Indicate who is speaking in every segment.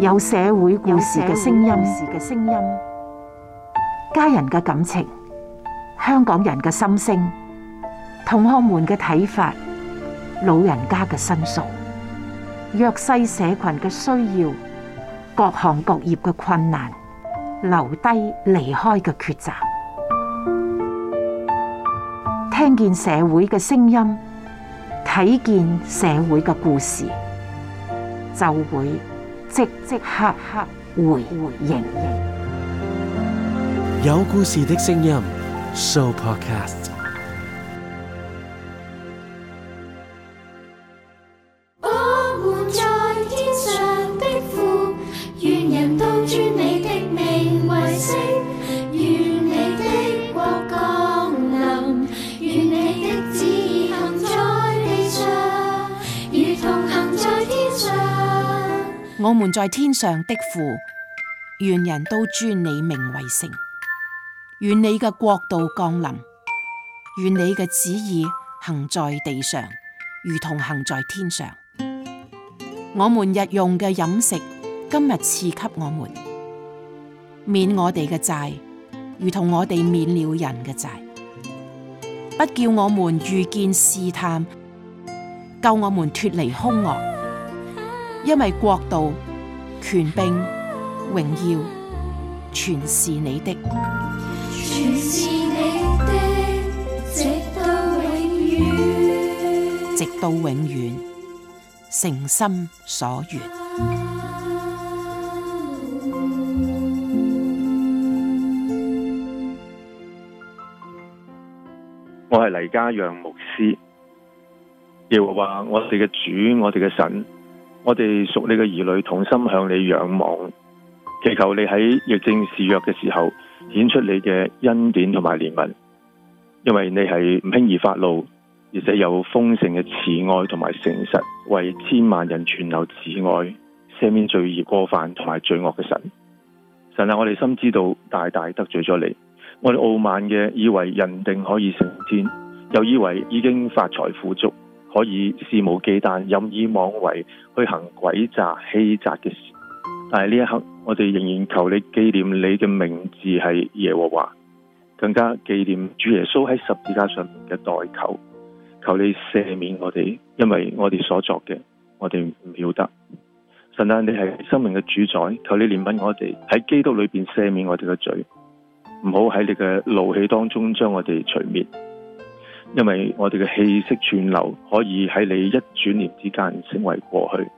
Speaker 1: 有社會故事嘅聲音，嘅聲音，家人嘅感情，香港人嘅心聲，同學們嘅睇法，老人家嘅申訴，弱勢社群嘅需要，各行各業嘅困難，留低離開嘅抉擇，聽見社會嘅聲音，睇見社會嘅故事，就會。即即刻刻回回應，
Speaker 2: 有故事的聲音，Show Podcast。
Speaker 1: 我們在天上的父，願人都尊你名為聖。願你嘅國度降臨，願你嘅旨意行在地上，如同行在天上。我們日用嘅飲食，今日賜給我們，免我哋嘅債，如同我哋免了人嘅債。不叫我們遇見試探，救我們脫離凶惡。因為國度、權柄、榮耀，全是你的，
Speaker 3: 全是你的，直到永遠，
Speaker 1: 直到永遠，誠心所願。
Speaker 2: 我係黎家陽牧師，耶和華我哋嘅主，我哋嘅神。我哋屬你嘅兒女，同心向你仰望，祈求你喺疫症肆虐嘅時候，顯出你嘅恩典同埋憐憫，因為你係唔輕易發怒，而且有豐盛嘅慈愛同埋誠實，為千萬人存留慈愛，赦免罪孽過犯同埋罪惡嘅神。神啊，我哋深知道大大得罪咗你，我哋傲慢嘅以為人定可以勝天，又以為已經發財富足。可以肆無忌憚、任意妄為，去行詭詐、欺詐嘅事。但係呢一刻，我哋仍然求你紀念你嘅名字係耶和華，更加紀念主耶穌喺十字架上面嘅代求。求你赦免我哋，因為我哋所作嘅，我哋唔曉得。神啊，你係生命嘅主宰，求你憐憫我哋，喺基督裏邊赦免我哋嘅罪，唔好喺你嘅怒氣當中將我哋除滅。因為我哋嘅氣息串流，可以喺你一轉念之間成為過去。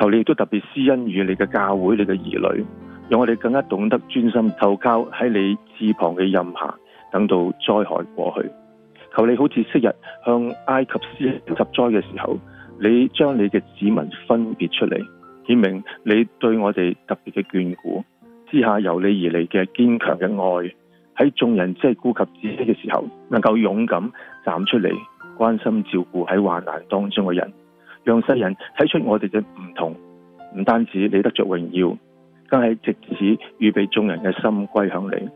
Speaker 2: 求你亦都特別施恩與你嘅教會、你嘅兒女，讓我哋更加懂得專心投靠喺你翅膀嘅蔭下，等到災害過去。求你好似昔日向埃及施十災嘅時候，你將你嘅子民分別出嚟，顯明你對我哋特別嘅眷顧之下由你而嚟嘅堅強嘅愛。喺眾人只係顧及自己嘅時候，能夠勇敢站出嚟關心照顧喺患難當中嘅人，讓世人睇出我哋嘅唔同。唔單止你得着榮耀，更係藉此預備眾人嘅心歸向你。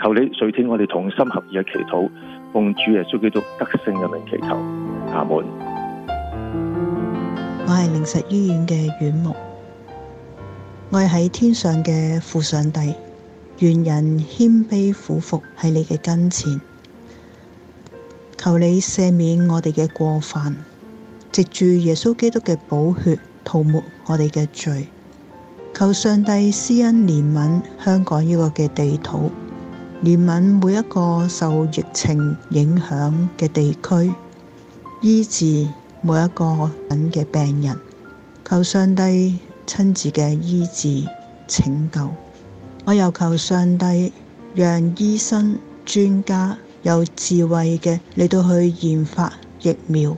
Speaker 2: 求你垂聽我哋同心合意嘅祈禱，奉主耶穌基督得勝嘅名祈求。阿門。
Speaker 4: 我係靈實醫院嘅院牧，我係喺天上嘅父上帝，願人謙卑俯伏喺你嘅跟前，求你赦免我哋嘅過犯，藉住耶穌基督嘅寶血塗抹我哋嘅罪。求上帝施恩憐憫香港呢個嘅地土，憐憫每一個受疫情影響嘅地區，醫治每一個嘅病人。求上帝親自嘅醫治拯救。我又求上帝，讓醫生、專家有智慧嘅嚟到去研發疫苗，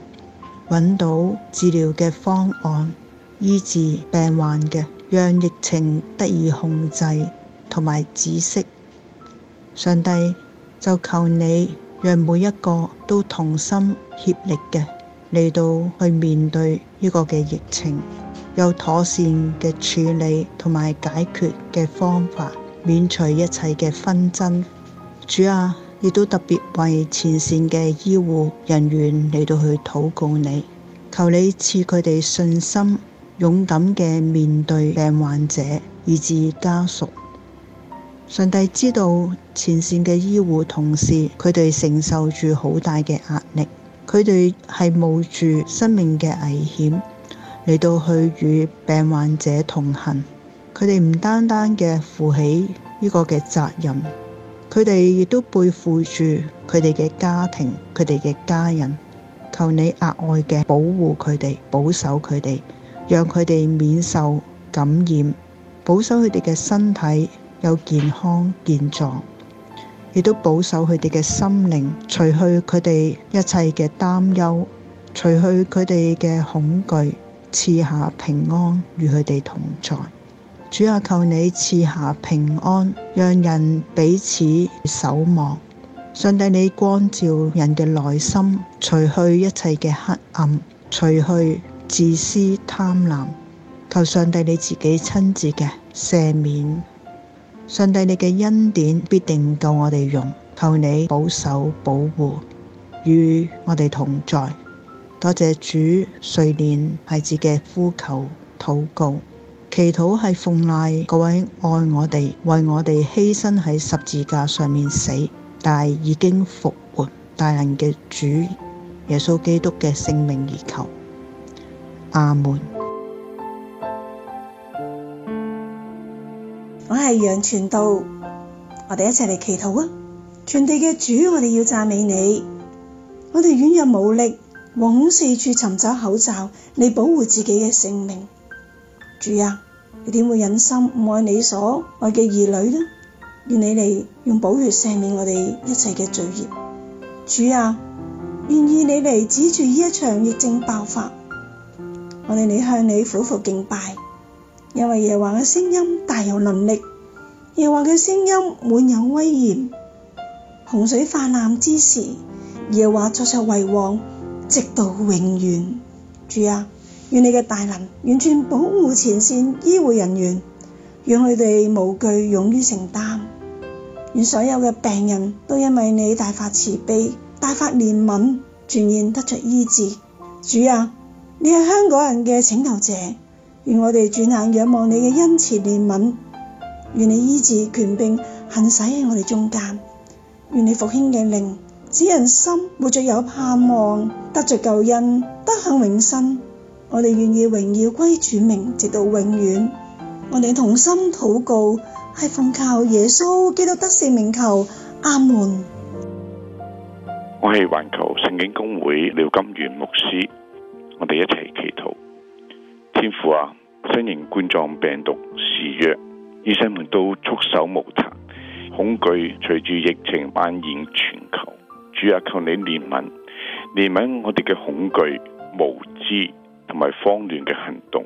Speaker 4: 揾到治療嘅方案，醫治病患嘅，讓疫情得以控制，同埋止息。上帝就求你，讓每一個都同心協力嘅嚟到去面對呢個嘅疫情。有妥善嘅處理同埋解決嘅方法，免除一切嘅紛爭。主啊，亦都特別為前線嘅醫護人員嚟到去禱告你，求你賜佢哋信心，勇敢嘅面對病患者以至家屬。上帝知道前線嘅醫護同事，佢哋承受住好大嘅壓力，佢哋係冒住生命嘅危險。嚟到去與病患者同行，佢哋唔單單嘅負起呢個嘅責任，佢哋亦都背負住佢哋嘅家庭、佢哋嘅家人。求你額外嘅保護佢哋，保守佢哋，讓佢哋免受感染，保守佢哋嘅身體有健康健壯，亦都保守佢哋嘅心靈，除去佢哋一切嘅擔憂，除去佢哋嘅恐懼。賜下平安與佢哋同在，主要求你賜下平安，讓人彼此守望。上帝你光照人嘅內心，除去一切嘅黑暗，除去自私貪婪。求上帝你自己親自嘅赦免。上帝你嘅恩典必定夠我哋用。求你保守保護與我哋同在。多謝主垂念孩子嘅呼求禱告，祈禱係奉賴各位愛我哋、為我哋犧牲喺十字架上面死，但係已經復活大能的主耶穌基督嘅聖名而求。阿門。我係楊全道，我
Speaker 3: 哋一齊嚟祈禱啊！全地嘅主，我哋要讚美你，我哋軟弱無力。惶恐，四處尋找口罩，嚟保護自己嘅性命。主啊，你點會忍心唔愛你所愛嘅兒女呢？願你嚟用寶血赦免我哋一切嘅罪孽。主啊，願意你嚟止住呢一場疫症爆發。我哋嚟向你苦苦敬拜，因為耶和華嘅聲音大有能力，耶和華嘅聲音滿有威嚴。洪水泛濫之時，耶和華坐著為王直到永遠，主啊，願你嘅大能完全保護前線醫護人員，讓佢哋無懼勇於承擔。願所有嘅病人都因為你大發慈悲、大發憐憫，全然得著醫治。主啊，你係香港人嘅拯救者，願我哋轉眼仰望你嘅恩慈憐憫，願你醫治權柄行使喺我哋中間，願你復興嘅靈。使人心活着有盼望，得着救恩，得享永生。我哋願意榮耀歸主名，直到永遠。我哋同心禱告，係奉靠耶穌基督得勝名求。阿門。
Speaker 5: 我係環球聖經公會廖金源牧師，我哋一齊祈禱。天父啊，新型冠狀病毒肆虐，醫生們都束手無策，恐懼隨住疫情蔓延全球。主啊，求你憐憫，憐憫我哋嘅恐懼、無知同埋慌亂嘅行動。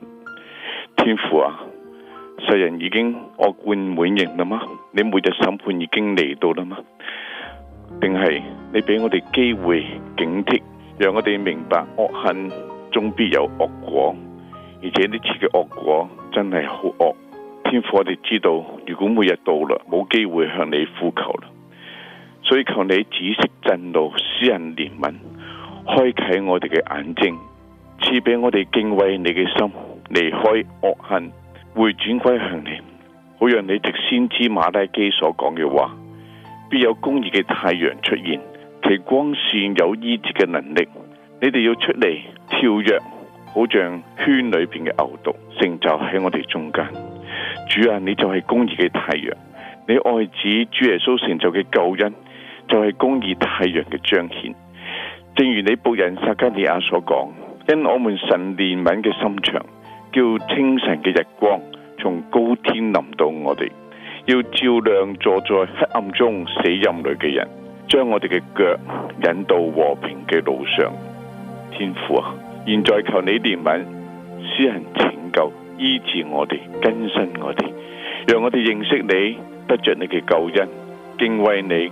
Speaker 5: 天父啊，世人已經惡貫滿盈了嗎？你末日審判已經嚟到了嗎？定係你俾我哋機會警惕，讓我哋明白惡恨終必有惡果，而且呢次嘅惡果真係好惡。天父，我哋知道，如果末日到啦，冇機會向你呼求啦。所以求你止息震怒，施恩憐憫，開啟我哋嘅眼睛，賜俾我哋敬畏你嘅心，離開惡行，回轉歸向你，好讓你的先知馬拉基所講嘅話，必有公義嘅太陽出現，其光線有醫治嘅能力，你哋要出嚟，跳躍，好像圈裏邊嘅牛犢，成就喺我哋中間。主啊，你就係公義嘅太陽，你愛子主耶穌成就嘅救恩，就係公義太陽嘅彰顯，正如你僕人撒加利亞所講，因我們神憐憫嘅心腸，叫清晨嘅日光從高天臨到我哋，要照亮坐在黑暗中死蔭裏嘅人，將我哋嘅腳引到和平嘅路上。天父啊，現在求你憐憫，施行拯救，醫治我哋，更新我哋，讓我哋認識你，得着你嘅救恩，敬畏你。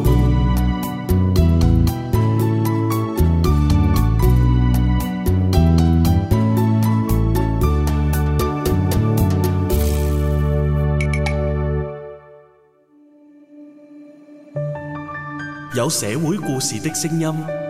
Speaker 2: 有社會故事的聲音。